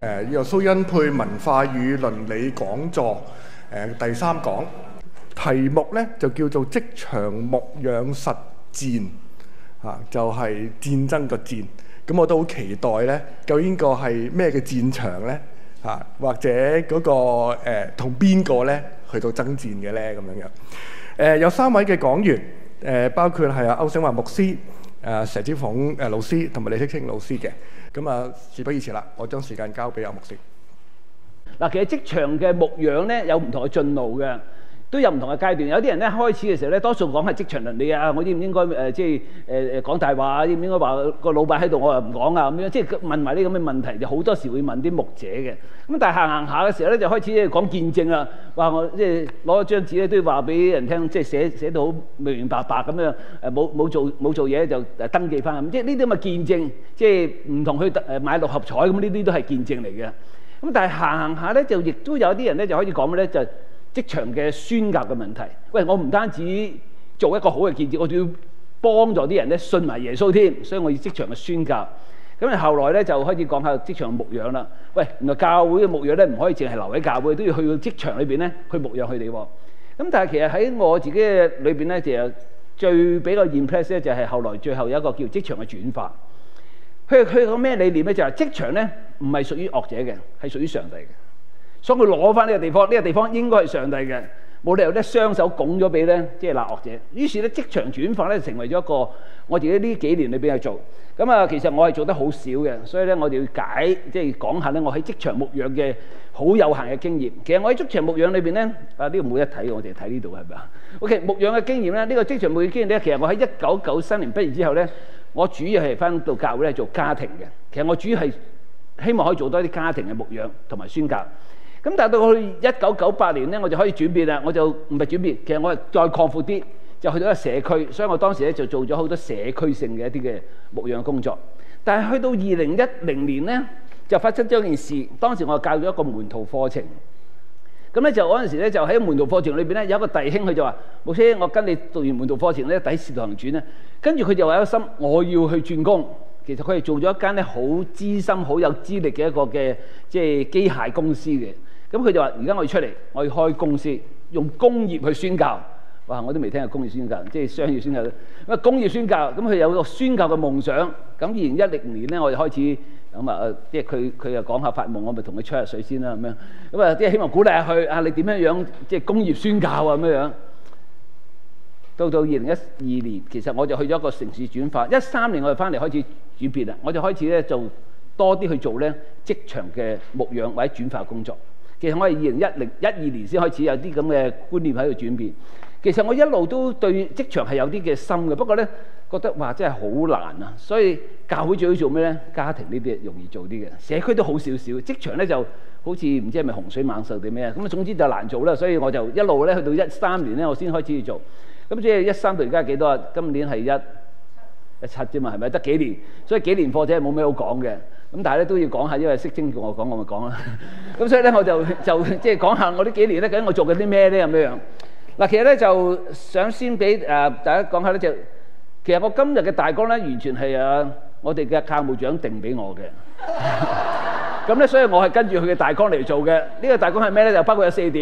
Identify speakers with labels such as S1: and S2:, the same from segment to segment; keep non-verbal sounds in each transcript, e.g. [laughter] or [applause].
S1: 誒，由蘇恩佩文化與倫理講座誒第三講，題目咧就叫做《職場牧養實戰》，吓就係、是、戰爭個戰，咁我都好期待咧，究竟個係咩嘅戰場咧？吓或者嗰、那個誒同邊個咧去到爭戰嘅咧？咁樣樣，誒、呃、有三位嘅講員，誒、呃、包括係阿歐醒華牧師。誒佘枝鳳誒、呃、老師同埋李適清老師嘅。咁啊事不宜遲啦，我將時間交俾阿牧師。嗱，其實職場嘅牧養咧，有唔同嘅進路嘅。都有唔同嘅階段，有啲人咧開始嘅時候咧，多數講係職場倫理啊，我應唔應該誒、呃、即係誒誒講大話啊？應唔應該話個老闆喺度，我又唔講啊咁樣，即係問埋呢咁嘅問題，就好多時會問啲牧者嘅。咁但係行行下嘅時候咧，就開始咧講見證啦、啊，話我即係攞咗張紙咧都要話俾人聽，即係寫寫到好明明白白咁樣誒，冇、呃、冇做冇做嘢就登記翻。咁即係呢啲咪見證，即係唔同去誒買六合彩咁呢啲都係見證嚟嘅。咁但係行行下咧，就亦都有啲人咧就開始講咩咧就？職場嘅宣教嘅問題，喂，我唔單止做一個好嘅建設，我仲要幫助啲人咧信埋耶穌添，所以我要職場嘅宣教。咁啊，後來咧就開始講下職場嘅牧養啦。喂，原來教會嘅牧養咧唔可以淨係留喺教會，都要去到職場裏邊咧去牧養佢哋。咁但係其實喺我自己嘅裏邊咧，就最比較 impress 咧就係後來最後有一個叫職場嘅轉化。佢佢個咩理念咧？就係、是、職場咧唔係屬於惡者嘅，係屬於上帝嘅。所以佢攞翻呢個地方，呢個地方應該係上帝嘅，冇理由咧雙手拱咗俾咧即係納惡者。於是咧職場轉化咧成為咗一個我自己呢幾年裏邊去做咁啊。其實我係做得好少嘅，所以咧我哋要解即係講下咧，我喺職場牧養嘅好有限嘅經驗。其實我喺職場牧養裏邊咧啊，呢個冇得睇嘅，我哋睇呢度係咪啊？OK，牧養嘅經驗咧，呢個職場牧養嘅經驗咧，其實我喺一九九三年畢業之後咧，我主要係翻到教會咧做家庭嘅。其實我主要係希望可以做多啲家庭嘅牧養同埋宣教。咁但到去一九九八年咧，我就可以轉變啦。我就唔係轉變，其實我係再擴闊啲，就去到一個社區。所以我當時咧就做咗好多社區性嘅一啲嘅牧養工作。但係去到二零一零年咧，就發生咗一件事。當時我係教咗一個門徒課程。咁咧就嗰陣時咧就喺門徒課程裏邊咧有一個弟兄，佢就話：老師，我跟你讀完門徒課程咧，抵試圖行轉咧。跟住佢就話有心，我要去轉工。其實佢係做咗一間咧好資深、好有資歷嘅一個嘅即係機械公司嘅。咁佢就話：而家我要出嚟，我要開公司，用工業去宣教。哇！我都未聽過工業宣教，即係商業宣教。咁啊，工業宣教，咁佢有一個宣教嘅夢想。咁二零一零年咧，我就開始咁啊，即係佢佢又講下發夢，我咪同佢吹下水先啦咁樣。咁啊，即係希望鼓勵下佢啊，你點樣樣即係工業宣教啊咁樣。到到二零一二年，其實我就去咗一個城市轉化。一三年我哋翻嚟開始轉變啦，我就開始咧做多啲去做咧職場嘅牧養或者轉化工作。其實我係二零一零、一二年先開始有啲咁嘅觀念喺度轉變。其實我一路都對職場係有啲嘅心嘅，不過呢，覺得哇真係好難啊！所以教會最好做咩呢？家庭呢啲容易做啲嘅，社區都好少少。職場呢就好似唔知係咪洪水猛獸定咩啊？咁啊總之就難做啦。所以我就一路呢去到一三年呢，我先開始要做。咁即係一三到而家幾多啊？今年係一一七啫嘛，係咪得幾年？所以幾年課程冇咩好講嘅。咁但係咧都要講下，因為適清同我講，我咪講啦。咁 [laughs] 所以咧，我就就即係講下我呢幾年咧，究竟我做緊啲咩咧咁樣。嗱，其實咧就想先俾誒大家講下呢，就其實我今日嘅大綱咧，完全係啊我哋嘅教務長定俾我嘅。咁 [laughs] 咧，所以我係跟住佢嘅大綱嚟做嘅。呢、這個大綱係咩咧？就包括有四點。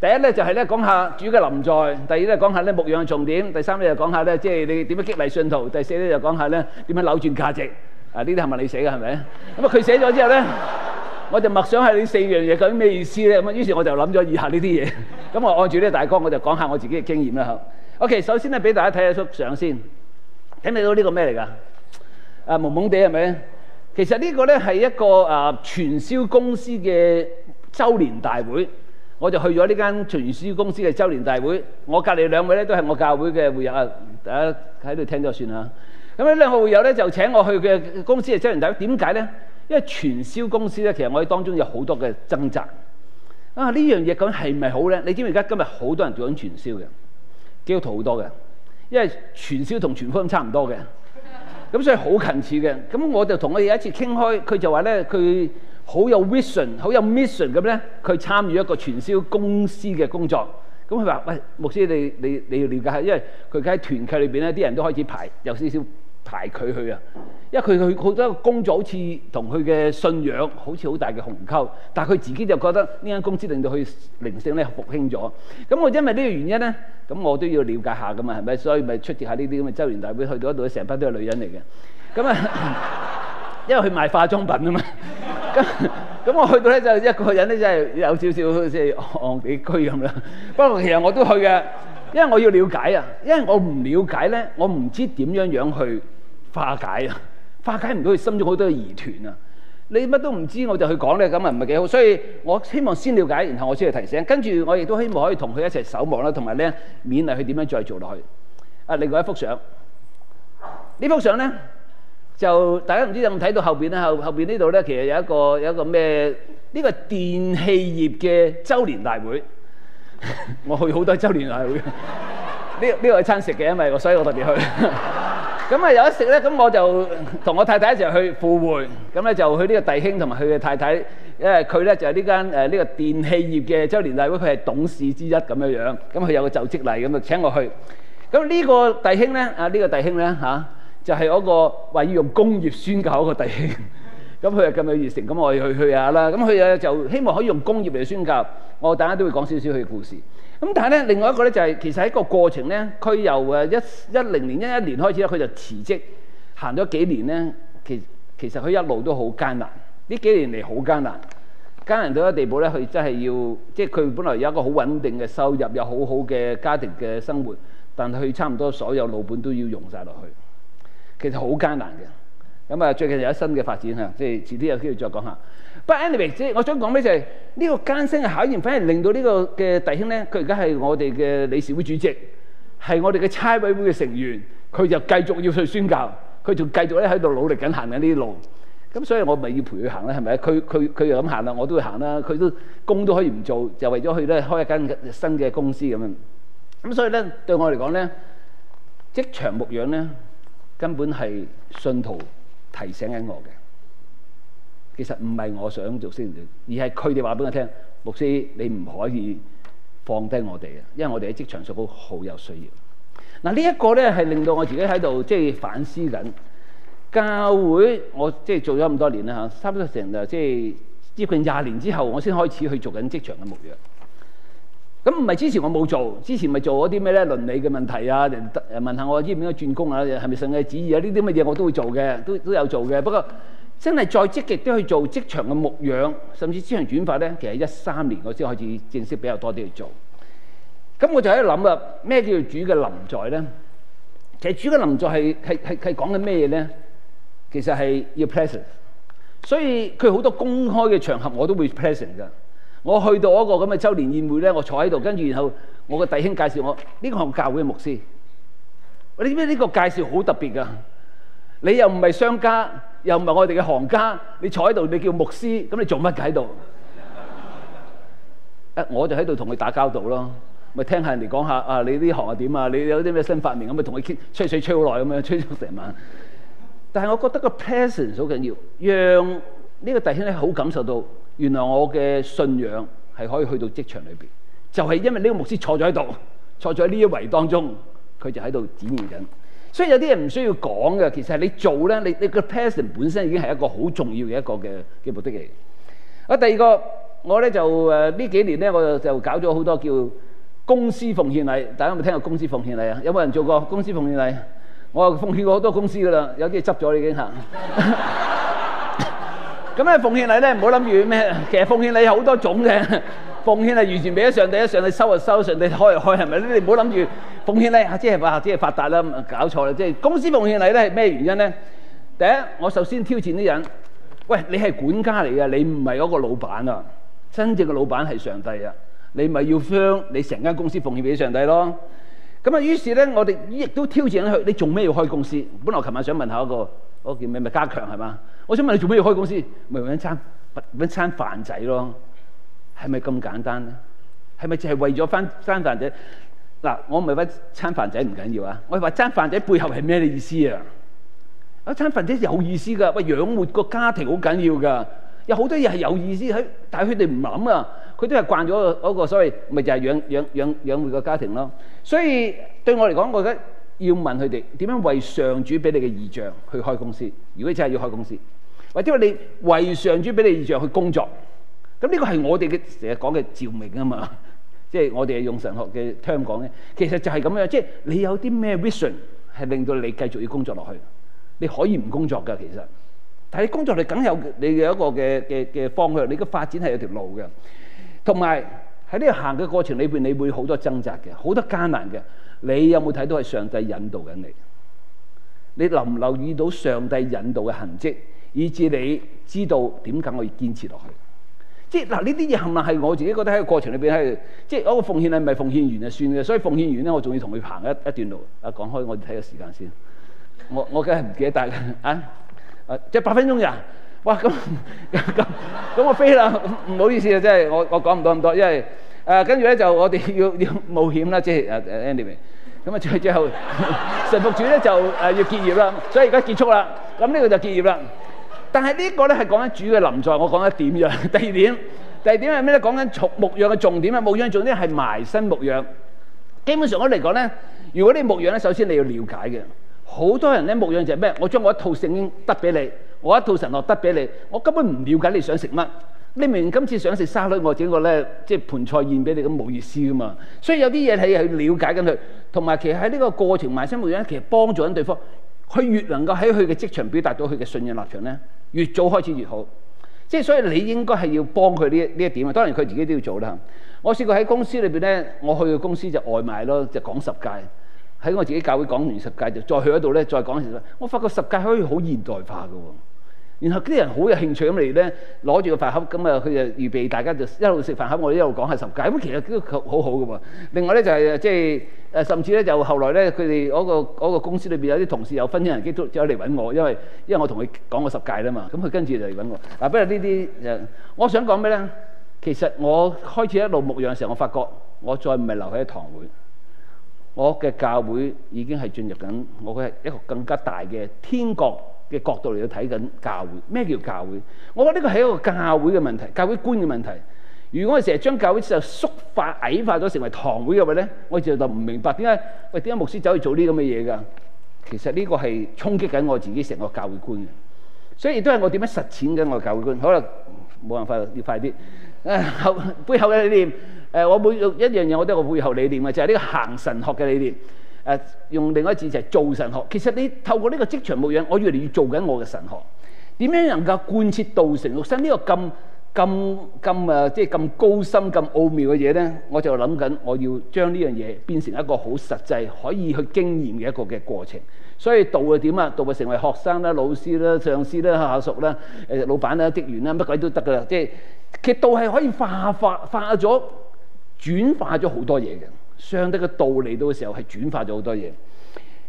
S1: 第一咧就係、是、咧講下主嘅臨在；第二咧講下咧牧養嘅重點；第三咧就是、講下咧即係你點樣激勵信徒；第四咧就是、講下咧點樣扭轉價值。啊！呢啲係咪你寫嘅係咪？咁 [laughs] 啊，佢寫咗之後咧，我就默想係你四樣嘢究竟咩意思咧。咁啊，於是我就諗咗以下呢啲嘢。咁、 [laughs] 嗯、我按住呢個大綱，我就講下我自己嘅經驗啦。嚇，OK，首先咧，俾大家睇下幅相先，睇唔睇到呢個咩嚟㗎？啊，朦朦哋係咪？其實呢個咧係一個啊傳銷公司嘅周年大會，我就去咗呢間傳銷公司嘅周年大會。我隔離兩位咧都係我教會嘅會友啊，大家喺度聽就算嚇。咁呢兩個會友咧就請我去嘅公司嘅真人仔，點解咧？因為傳銷公司咧，其實我哋當中有好多嘅掙扎啊！是是呢樣嘢咁係唔係好咧？你知唔知而家今日好多人做緊傳銷嘅，基督徒好多嘅，因為傳銷同傳福音差唔多嘅，咁所以好近似嘅。咁我就同佢哋有一次傾開，佢就話咧，佢好有 vision，好有 mission 咁咧，佢參與一個傳銷公司嘅工作。咁佢話：喂，牧師，你你你要了解一下，因為佢而家喺團契裏邊咧，啲人都開始排有少少。埋佢去啊，因為佢去好多工作，好似同佢嘅信仰好似好大嘅鴻溝。但係佢自己就覺得呢間公司令到佢靈性咧復興咗。咁我因為呢個原因咧，咁我都要了解一下噶嘛，係咪？所以咪出席下呢啲咁嘅週年大會，去到嗰度，成班都係女人嚟嘅。咁啊，因為佢 [laughs] 賣化妝品啊嘛。咁咁 [laughs] [laughs] 我去到咧就一個人咧，就係有少少似係戇戇居咁啦。不過其實我都去嘅，因為我要了解啊，因為我唔了解咧，我唔知點樣樣去。化解啊！化解唔到佢心中好多疑團啊！你乜都唔知我就去講咧，咁啊唔係幾好。所以我希望先了解，然後我先去提醒，跟住我亦都希望可以同佢一齊守望啦，同埋咧勉勵佢點樣再做落去。啊，另外一幅相，呢幅相咧就大家唔知有冇睇到後邊咧？後後邊呢度咧其實有一個有一個咩？呢個電器業嘅周年大會，我去好多周年大會。呢呢個係餐食嘅，因為我所以我特別去。咁啊，有一食咧，咁我就同我太太一齊去赴會，咁咧就去呢個弟兄同埋佢嘅太太，因為佢咧就係呢間誒呢個電器業嘅周年例會，佢係董事之一咁樣樣，咁佢有個就職禮咁就請我去。咁呢個弟兄咧啊，呢個弟兄咧嚇，就係嗰個話要用工業宣教嗰個弟兄，咁佢係咁熱誠，咁我哋去去下啦。咁佢咧就希望可以用工業嚟宣教，我大家都會講少少佢嘅故事。咁但係咧，另外一個咧就係其實喺個過程咧，佢由誒一一零年一一年開始咧，佢就辭職，行咗幾年咧，其其實佢一路都好艱難，呢幾年嚟好艱難，艱難到一地步咧，佢真係要，即係佢本來有一個好穩定嘅收入，有好好嘅家庭嘅生活，但係佢差唔多所有老本都要用晒落去，其實好艱難嘅。咁啊，最近有一新嘅發展啊，即係遲啲有機會再講下。But anyway，即係我想講咩就係呢個艱辛嘅考驗，反而令到呢個嘅弟兄咧，佢而家係我哋嘅理事會主席，係我哋嘅差委會嘅成員，佢就繼續要去宣教，佢仲繼續咧喺度努力緊行緊呢啲路。咁所以我咪要陪佢行咧，係咪？佢佢佢又咁行啦，我都會行啦，佢都工都可以唔做，就為咗去咧開一間新嘅公司咁樣。咁所以咧對我嚟講咧，職場牧養咧根本係信徒提醒緊我嘅。其實唔係我想做先，而係佢哋話俾我聽，牧師你唔可以放低我哋嘅，因為我哋喺職場上都好有需要。嗱、啊，這個、呢一個咧係令到我自己喺度即係反思緊。教會我即係、就是、做咗咁多年啦嚇，差唔多成啊即係接近廿年之後，我先開始去做緊職場嘅牧養。咁唔係之前我冇做，之前咪做咗啲咩咧？倫理嘅問題啊，問下我應唔應該轉工啊，係咪神嘅旨意啊？呢啲乜嘢我都會做嘅，都都有做嘅，不過。真係再積極啲去做職場嘅牧養，甚至職場轉化呢，其實一三年我先開始正式比較多啲去做。咁我就喺度諗啦，咩叫做主嘅臨在呢？其實主嘅臨在係係係係講緊咩嘢呢？其實係要 presence。所以佢好多公開嘅場合我都會 presence 㗎。我去到一個咁嘅周年宴會呢，我坐喺度，跟住然後我嘅弟兄介紹我呢、這個我教會嘅牧師。你知唔知呢個介紹好特別㗎？你又唔係商家，又唔係我哋嘅行家，你坐喺度，你叫牧師，咁你做乜喺度？ [laughs] 我就喺度同佢打交道咯，咪聽講下人哋講下啊，你呢行又點啊？你有啲咩新發明咁，咪同佢吹水吹好耐，咁樣吹咗成晚。但係我覺得個 presence 好緊要，讓呢個弟兄咧好感受到，原來我嘅信仰係可以去到職場裏邊，就係因為呢個牧師坐咗喺度，坐咗喺呢一圍當中，佢就喺度展現緊。所以有啲嘢唔需要講嘅，其實係你做咧，你你個 person 本身已經係一個好重要嘅一個嘅嘅目的嚟。啊第二個，我咧就誒呢幾年咧，我就就搞咗好多叫公司奉獻禮，大家有冇聽過公司奉獻禮啊？有冇人做過公司奉獻禮？我奉獻過好多公司噶啦，有啲執咗已經嚇。咁咧奉獻禮咧，唔好諗住咩？其實奉獻禮有好多種嘅，奉獻禮係完全俾咗上帝，上帝收啊收，上帝開啊開，係咪？你唔好諗住。奉獻咧嚇，即係話，即係發達啦，搞錯啦！即係公司奉獻你咧係咩原因咧？第一，我首先挑戰啲人，喂，你係管家嚟嘅，你唔係嗰個老闆啊！真正嘅老闆係上帝啊！你咪要將你成間公司奉獻俾上帝咯？咁啊，於是咧，我哋亦都挑戰佢，你做咩要開公司？本來我琴晚想問一下一個嗰個叫咩咪加強係嘛？我想問你做咩要開公司？咪揾餐揾餐飯仔咯？係咪咁簡單咧？係咪就係為咗翻餐飯仔？嗱，我唔係話餐飯仔唔緊要啊！我係話餐飯仔背後係咩意思啊？啊，餐飯仔有意思噶，喂，養活個家庭好緊要噶，有好多嘢係有意思喺，但係佢哋唔諗啊，佢都係慣咗嗰個所謂，咪就係養養養養活個家庭咯。所以對我嚟講，我覺得要問佢哋點樣為上主俾你嘅異象去開公司，如果真係要開公司，或者話你為上主俾你異象去工作，咁呢個係我哋嘅成日講嘅召命啊嘛。即係我哋用神學嘅聽講咧，其實就係咁樣，即係你有啲咩 vision 係令到你繼續要工作落去，你可以唔工作噶。其實但係工作你梗有你嘅一個嘅嘅嘅方向，你嘅發展係有條路嘅。同埋喺呢個行嘅過程裏邊，你會好多掙扎嘅，好多艱難嘅。你有冇睇到係上帝引導緊你？你留唔留意到上帝引導嘅痕跡，以至你知道點解我要堅持落去？嗱，呢啲嘢係咪係我自己覺得喺個過程裏邊係，即係嗰個奉獻係咪奉獻完就算嘅？所以奉獻完咧，我仲要同佢行一一段路。啊，講開，我哋睇個時間先。我我梗係唔記得曬啦。啊，即係八分鐘咋，啊？哇，咁咁咁，啊啊啊啊、我飛啦！唔好意思啊，即係我我講唔到咁多，因為誒跟住咧就我哋要要冒險啦，即係誒誒 Anyway，咁啊最最後，後神服主咧就誒要結業啦，所以而家結束啦。咁呢個就結業啦。但係呢個咧係講緊主嘅臨在，我講緊點樣？第二點，第二點係咩咧？講緊牧牧養嘅重點咧，牧養重點係埋身牧養。基本上我嚟講咧，如果你牧養咧，首先你要了解嘅。好多人咧牧養就係咩？我將我一套聖經得俾你，我一套神學得俾你，我根本唔了解你想食乜。你明今次想食沙律，我整個咧即係盤菜宴俾你，咁冇意思噶嘛。所以有啲嘢係要了解緊佢，同埋其實喺呢個過程埋身牧養，其實幫助緊對方。佢越能夠喺佢嘅職場表達到佢嘅信仰立場呢，越早開始越好。即係所以你應該係要幫佢呢呢一點啊。當然佢自己都要做啦。我試過喺公司裏邊呢，我去嘅公司就外賣咯，就講十戒。喺我自己教會講完十戒，就再去嗰度呢，再講十戒。我發覺十戒可以好現代化噶喎。然後啲人好有興趣咁嚟咧，攞住個飯盒咁啊，佢就預備大家就一路食飯盒，我一路講下十戒。咁其實基督徒好好嘅喎。另外咧就係即係，甚至咧就後來咧，佢哋嗰個嗰個公司裏邊有啲同事有婚姻人基督徒就嚟揾我，因為因為我同佢講過十戒啦嘛。咁佢跟住就嚟揾我。嗱，不過呢啲，我想講咩咧？其實我開始一路牧養嘅時候，我發覺我再唔係留喺堂會，我嘅教會已經係進入緊我嘅一個更加大嘅天國，嘅角度嚟到睇緊教會，咩叫教會？我覺得呢個係一個教會嘅問題，教會觀嘅問題。如果我成日將教會之後縮化矮化咗，成為堂會嘅話咧，我就就唔明白點解喂，點解牧師走去做呢啲咁嘅嘢㗎？其實呢個係衝擊緊我自己成個教會觀嘅。所以都係我點樣實踐緊我教會觀。可能冇辦法要快啲。後背後嘅理念，誒我每一樣嘢我都有個背後理念嘅，就係呢個行神學嘅理念。誒用另外一字就係、是、做神學。其實你透過呢個職場牧養，我越嚟越做緊我嘅神學。點樣能夠貫徹道成肉身呢個咁咁咁誒，即係咁高深、咁奧妙嘅嘢咧？我就諗緊，我要將呢樣嘢變成一個好實際、可以去經驗嘅一個嘅過程。所以道係點啊？道係成為學生啦、老師啦、上司啦、下屬啦、誒老闆啦、職員啦，乜鬼都得㗎啦。即係其實道係可以化化化咗轉化咗好多嘢嘅。上帝嘅道嚟到嘅時候是轉，係轉化咗好多嘢。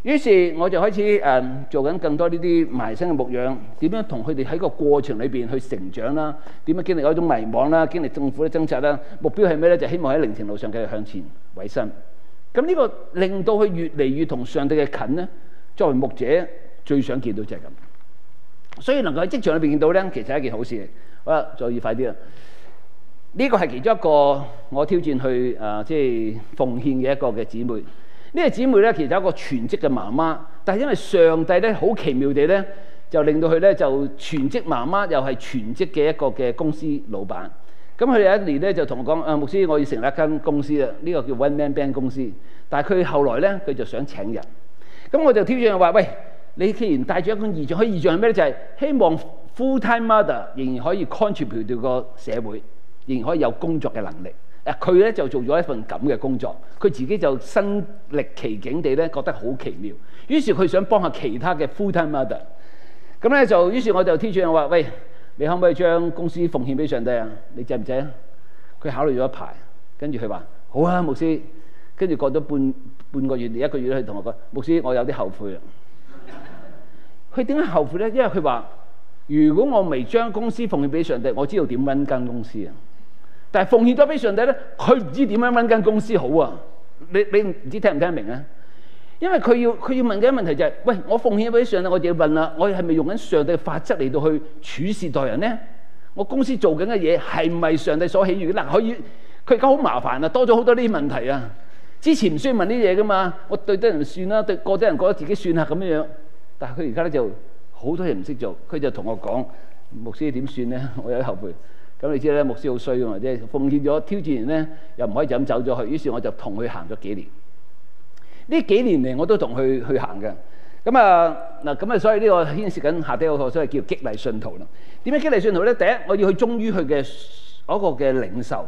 S1: 於是我就開始誒、嗯、做緊更多呢啲埋身嘅牧養，點樣同佢哋喺個過程裏邊去成長啦？點樣經歷嗰種迷茫啦？經歷痛苦嘅掙扎啦？目標係咩呢？就希望喺靈程路上繼續向前委身。咁呢個令到佢越嚟越同上帝嘅近呢，作為牧者，最想見到就係咁。所以能夠喺職場裏邊見到呢，其實係一件好事。好啦，再以快啲啊！呢個係其中一個我挑戰去誒，即、呃、係、就是、奉獻嘅一個嘅姊妹。這個、姐妹呢個姊妹咧，其實係一個全職嘅媽媽，但係因為上帝咧，好奇妙地咧，就令到佢咧就全職媽媽又係全職嘅一個嘅公司老闆。咁佢有一年咧就同我講：誒、啊、牧師，我要成立一間公司啦，呢、這個叫 One Man Band 公司。但係佢後來咧，佢就想請人。咁我就挑戰佢話：喂，你既然帶住一個異象，可以異象係咩咧？就係、是、希望 Full Time Mother 仍然可以 contribute 到個社會。仍然可以有工作嘅能力。誒、啊，佢咧就做咗一份咁嘅工作，佢自己就身歷其境地咧覺得好奇妙。於是佢想幫下其他嘅 full-time mother。咁、嗯、咧就，於是我就 𠱁 住佢話：喂，你可唔可以將公司奉獻俾上帝啊？你制唔制啊？佢考慮咗一排，跟住佢話：好啊，牧師。跟住過咗半半個月，你一個月咧，佢同我講：牧師，我有啲後悔啊。佢點解後悔呢？因為佢話：如果我未將公司奉獻俾上帝，我知道點揾間公司啊。但係奉獻咗俾上帝咧，佢唔知點樣搵間公司好啊？你你唔知聽唔聽明啊？因為佢要佢要問嘅問題就係、是：喂，我奉獻咗俾上帝我、啊，我就要問啦，我係咪用緊上帝嘅法則嚟到去處事待人咧？我公司做緊嘅嘢係唔係上帝所喜悅嗱、啊？可以佢而家好麻煩啊，多咗好多呢啲問題啊！之前唔需要問呢啲嘢噶嘛，我對得人算啦，對過得人覺得自己算下咁樣樣。但係佢而家咧就好多人唔識做，佢就同我講，牧師點算咧？我有啲後備。咁你知咧，牧師好衰㗎嘛，即係奉獻咗挑戰完咧，又唔可以就咁走咗去，於是我就同佢行咗幾年。呢幾年嚟我都同佢去行嘅。咁啊嗱，咁、呃、啊，所以呢個牽涉緊下底嗰個，所謂叫激勵信徒啦。點樣激勵信徒咧？第一，我要去忠於佢嘅嗰個嘅領受。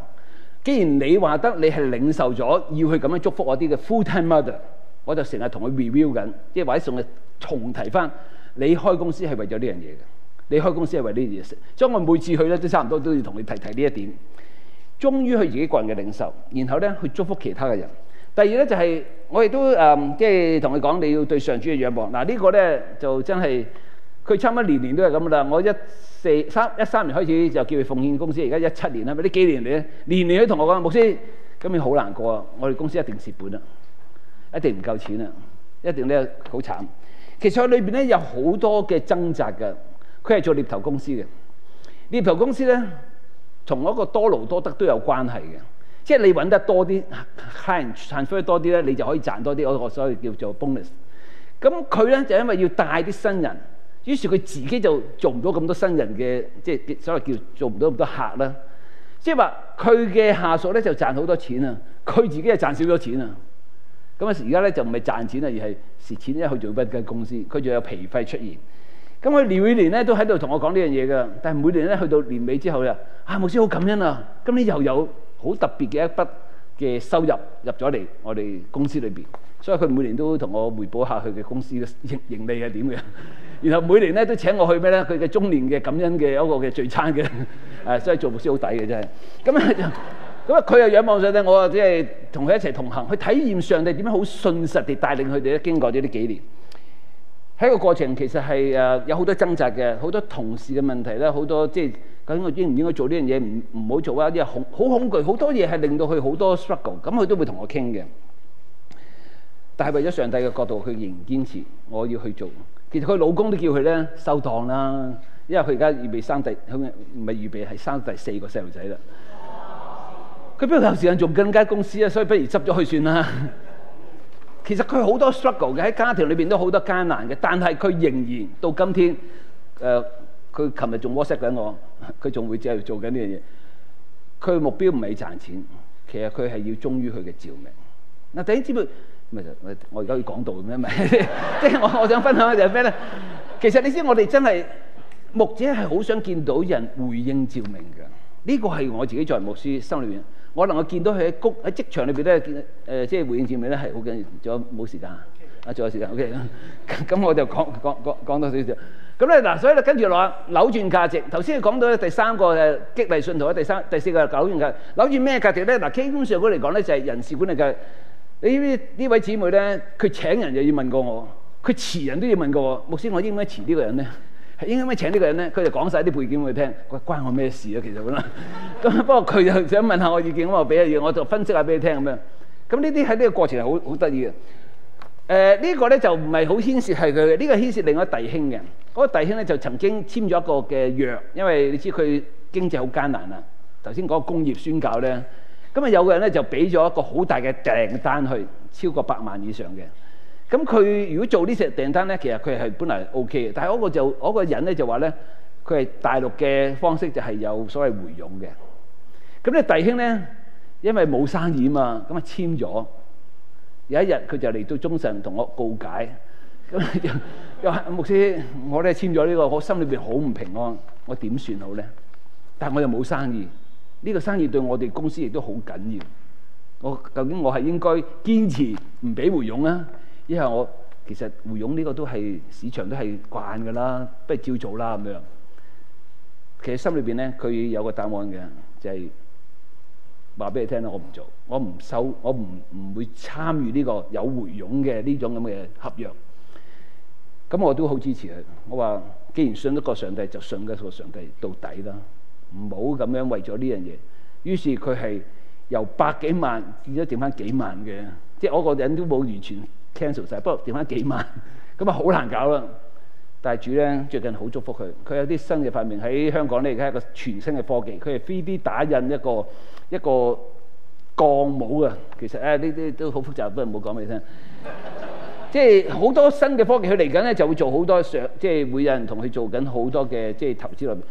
S1: 既然你話得，你係領受咗，要去咁樣祝福我啲嘅 full time mother，我就成日同佢 review 緊，即係或者順佢重提翻你開公司係為咗呢樣嘢嘅。你開公司係為呢啲嘢食，所以我每次去咧都差唔多都要同你提提呢一點。終於去自己個人嘅領受，然後咧去祝福其他嘅人。第二咧就係我亦都誒，即係同你講你要對上主嘅仰望嗱。呢個咧就真係佢差唔多年年都係咁啦。我一四三一三年開始就叫佢奉獻公司，而家一七年啦，咪呢幾年嚟咧年年都同我講，牧師今年好難過，我哋公司一定蝕本啦，一定唔夠錢啦，一定咧好慘。其實佢裏邊咧有好多嘅掙扎㗎。佢係做獵頭公司嘅，獵頭公司咧，同嗰個多勞多得都有關係嘅，即係你揾得多啲，客人賺多啲咧，你就可以賺多啲，我我所謂叫做 bonus。咁佢咧就因為要帶啲新人，於是佢自己就做唔到咁多新人嘅，即係所謂叫做做唔到咁多客啦。即係話佢嘅下屬咧就賺好多錢啊，佢自己係賺少咗錢啊。咁而家咧就唔係賺錢啊，而係蝕錢，因為佢去做緊間公司，佢仲有皮費出現。咁佢年年咧都喺度同我講呢樣嘢㗎，但係每年咧去到年尾之後咧，啊牧師好感恩啊，今年又有好特別嘅一筆嘅收入入咗嚟我哋公司裏邊，所以佢每年都同我彙報一下佢嘅公司嘅盈盈利係點嘅，然後每年咧都請我去咩咧？佢嘅中年嘅感恩嘅一個嘅聚餐嘅，誒所以做牧師好抵嘅真係，咁啊咁啊佢又仰望上帝，我啊即係同佢一齊同行去體驗上帝點樣好信實地帶領佢哋咧，經過呢啲幾年。喺個過程其實係誒有好多掙扎嘅，好多同事嘅問題啦，好多即係究竟我應唔應該做呢樣嘢？唔唔好做啊！因為好恐懼，好多嘢係令到佢好多 struggle，咁佢都會同我傾嘅。但係為咗上帝嘅角度，佢仍然堅持我要去做。其實佢老公都叫佢咧收檔啦，因為佢而家預備生第，唔係預備係生第四個細路仔啦。佢不過有時間做更加公司啊，所以不如執咗佢算啦。其實佢好多 struggle 嘅，喺家庭裏邊都好多艱難嘅，但係佢仍然到今天，誒、呃，佢琴日仲 whatsapp 緊我，佢仲會淨係做緊呢樣嘢。佢目標唔係賺錢，其實佢係要忠於佢嘅召命。嗱、啊，第一知唔咪就我而家要講道咩咪？即係 [laughs] [laughs] 我我想分享嘅就係咩咧？ [laughs] 其實你知道我哋真係牧者係好想見到人回應召命嘅，呢、這個係我自己作為牧師心裏面。我可能夠見到佢喺谷喺職場裏邊咧，誒、呃、即係回應姊妹咧係好緊要。仲有冇時間 Okay. 啊？仲有時間 OK 咁 [laughs] 我就講講講講多少少。咁咧嗱，所以咧跟住落扭轉價值。頭先講到第三個誒、啊、激勵信徒，第三第四個就扭轉價值。扭轉咩價值咧？嗱、啊，基本上嗰嚟講咧就係、是、人事管理嘅。呢呢位姊妹咧，佢請人就要問過我，佢辭人都要問過我。牧師，我應唔應該辭呢個人咧？應該咪請呢個人咧？佢就講晒啲背景俾佢聽，關關我咩事啊？其實咁啦。咁 [laughs] [laughs] 不過佢又想問下我的意見，我俾一樣，我就分析下俾你聽咁樣。咁呢啲喺呢個過程係好好得意嘅。誒、呃這個、呢個咧就唔係好牽涉係佢嘅，呢、這個牽涉另一弟兄嘅。嗰個弟兄咧、那個、就曾經簽咗一個嘅約，因為你知佢經濟好艱難啦。頭先講工業宣教咧，咁啊有個人咧就俾咗一個好大嘅訂單去，超過百萬以上嘅。咁佢如果做呢隻訂單咧，其實佢係本嚟 O K 嘅。但係嗰個就、嗰個、人咧就話咧，佢係大陸嘅方式就係有所謂回傭嘅。咁你弟兄咧，因為冇生意嘛，咁啊簽咗有一日佢就嚟到中神同我告解咁 [laughs] 又牧師，我咧簽咗呢、呢個，我心裏面好唔平安，我點算好咧？但係我又冇生意，呢、呢個生意對我哋公司亦都好緊要。我究竟我係應該堅持唔俾回傭啊？因為我其實回傭呢個都係市場都係慣嘅啦，不如照做啦咁樣。其實心裏邊咧，佢有個答案嘅，就係話俾你聽啦。我唔做，我唔收，我唔唔會參與呢個有回傭嘅呢種咁嘅合約。咁我都好支持佢。我話既然信得過上帝，就信得過上帝到底啦，唔好咁樣為咗呢樣嘢。於是佢係由百幾萬變咗剩翻幾萬嘅，即係我個人都冇完全。cancel 晒，不過掉翻幾萬，咁啊好難搞啦。大主咧最近好祝福佢，佢有啲新嘅發明喺香港咧，而家一個全新嘅科技，佢係 3D 打印一個一個鋼模啊。其實誒呢啲都好複雜，不過唔好講俾你聽。即係好多新嘅科技，佢嚟緊咧就會做好多上，即係會有人同佢做緊好多嘅即係投資裏邊。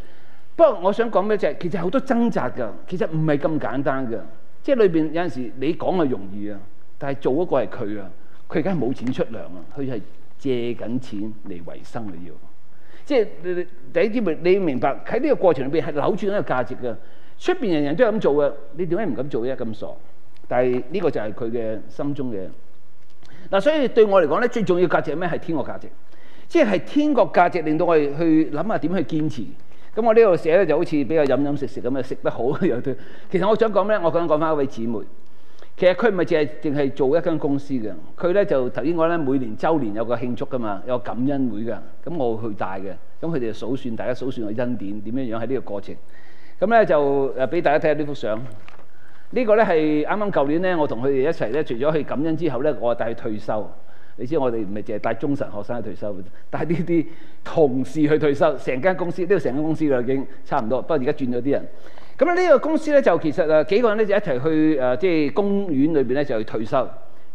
S1: 不過我想講咩就係其實好多掙扎㗎，其實唔係咁簡單㗎。即係裏邊有陣時你講係容易啊，但係做嗰個係佢啊。佢而家冇錢出糧啊！佢係借緊錢嚟維生。你要，即係你你第一啲咪你要明白喺呢個過程裏邊係扭轉呢一個價值嘅。出邊人人都係咁做嘅，你點解唔敢做啫？咁傻！但係呢個就係佢嘅心中嘅嗱。所以對我嚟講咧，最重要價值係咩？係天國價值，即係天國價值令到我哋去諗下點去堅持。咁我呢度寫咧就好似比較飲飲食食咁樣，食得好有啲。其實我想講咩？我想講翻一位姊妹。其實佢唔係淨係淨係做一間公司嘅，佢咧就頭先我咧每年周年有個慶祝噶嘛，有個感恩會嘅，咁我去帶嘅，咁佢哋就數算，大家數算,算個恩典點樣樣喺呢個過程。咁咧就誒俾大家睇下、這個、呢幅相，是剛剛呢個咧係啱啱舊年咧，我同佢哋一齊咧，除咗去感恩之後咧，我帶佢退休。你知我哋唔係淨係帶中神學生去退休，帶呢啲同事去退休，成間公司呢個成間公司啦已經差唔多，不過而家轉咗啲人。咁呢個公司咧就其實誒幾個人咧就一齊去誒即係公園裏邊咧就去退修，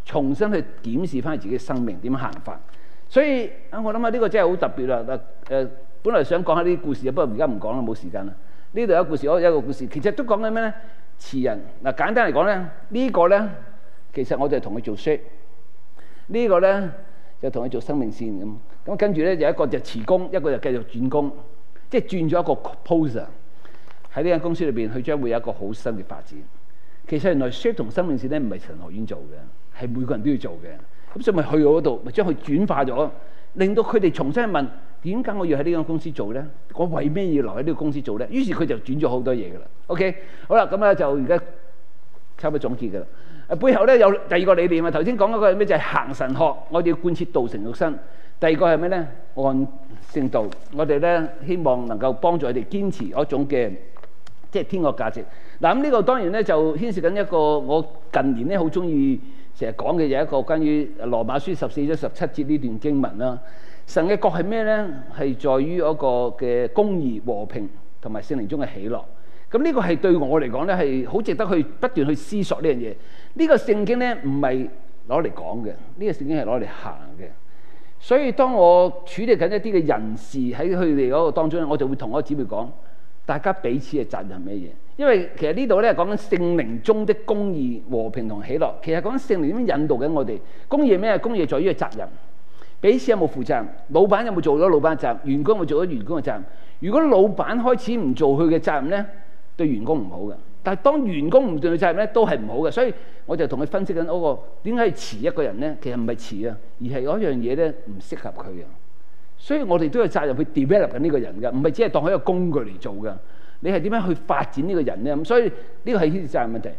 S1: 重新去檢視翻自己嘅生命點行法。所以啊，我諗下呢個真係好特別啦！嗱、呃、誒，本來想講下啲故事啊，不過而家唔講啦，冇時間啦。呢度有故事，我有一個故事其實都講緊咩咧？辭人嗱、呃、簡單嚟講咧，這個、呢個咧其實我就同佢做 ship，呢個咧就同佢做生命線咁。咁跟住咧就一個就辭工，一個就繼續轉工，即係轉咗一個 poser。喺呢間公司裏邊，佢將會有一個好新嘅發展。其實原來 Shift 同生命線咧唔係神學院做嘅，係每個人都要做嘅。咁所以咪去到嗰度，咪將佢轉化咗，令到佢哋重新問：點解我要喺呢間公司做咧？我為咩要留喺呢個公司做咧？於是佢就轉咗好多嘢噶啦。OK，好啦，咁啊就而家差唔多總結噶啦、呃。背後咧有第二個理念啊，頭先講嗰個係咩？就係、是、行神學，我哋要貫徹道成肉身。第二個係咩咧？按聖道，我哋咧希望能夠幫助佢哋堅持一種嘅。即係天國價值。嗱咁呢個當然咧就牽涉緊一個我近年咧好中意成日講嘅就一個關於羅馬書十四章十七節呢段經文啦。神嘅國係咩咧？係在於嗰個嘅公義、和平同埋聖靈中嘅喜樂。咁呢個係對我嚟講咧係好值得去不斷去思索呢樣嘢。呢個聖經咧唔係攞嚟講嘅，呢個聖經係攞嚟行嘅。所以當我處理緊一啲嘅人事喺佢哋嗰個當中，我就會同我個姊妹講。大家彼此嘅責任係乜嘢？因為其實呢度咧講緊聖靈中的公義、和平同喜樂。其實講緊聖靈點樣引導緊我哋？公義咩？公義在於責任。彼此有冇負責任？老闆有冇做咗老闆嘅責任？員工有冇做咗員工嘅責任？如果老闆開始唔做佢嘅責任咧，對員工唔好嘅。但係當員工唔做佢責任咧，都係唔好嘅。所以我就同佢分析緊嗰個點解要辭一個人咧，其實唔係辭啊，而係嗰樣嘢咧唔適合佢啊。所以我哋都有責任去 develop 緊呢個人㗎，唔係只係當佢一個工具嚟做㗎。你係點樣去發展呢個人咧？咁所以呢個係牽涉責任問題。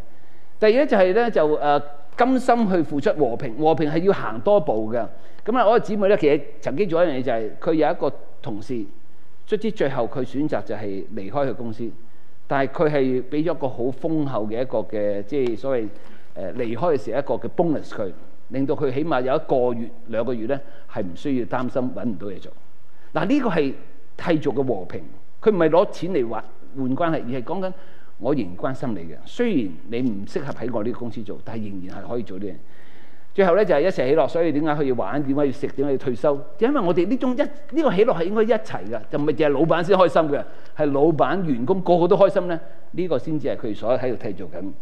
S1: 第二咧就係咧，就誒、啊、甘心去付出和平，和平係要行多步㗎。咁啊，我個姊妹咧其實曾經做一樣嘢就係、是、佢有一個同事，卒之最後佢選擇就係離開佢公司，但係佢係俾咗一個好豐厚嘅一個嘅即係所謂誒離開嘅時候一個嘅 bonus 佢。令到佢起碼有一個月兩個月呢，係唔需要擔心揾唔到嘢做。嗱、啊、呢、這個係持續嘅和平，佢唔係攞錢嚟換換關係，而係講緊我仍然關心你嘅。雖然你唔適合喺我呢個公司做，但係仍然係可以做啲嘢。最後呢，就係、是、一齊起落，所以點解可以玩？點解要食？點解要退休？就是、因為我哋呢種一呢、這個起落係應該一齊嘅，就唔係淨係老闆先開心嘅，係老闆員工個個都開心呢，呢、這個先至係佢所喺度持續緊。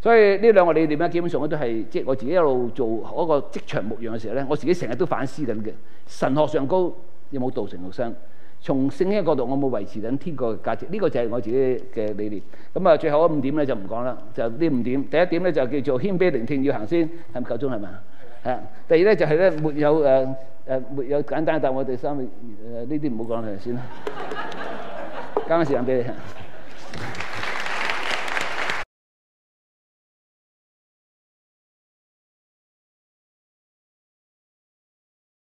S1: 所以呢兩個理念咧，基本上我都係即係我自己一路做嗰個職場牧養嘅時候咧，我自己成日都反思緊嘅。神學上高有冇道成肉身？從聖經角度，我冇維持緊天國嘅價值。呢個就係我自己嘅理念。咁啊，最後嗰五點咧就唔講啦，就呢五點。第一點咧就叫做謙卑聆聽，要行先係咪夠鐘係咪？係。的第二咧就係咧沒有誒誒、呃、沒有簡單答，但我哋三誒呢啲唔好講嚟先啦。剛始時間俾你聽。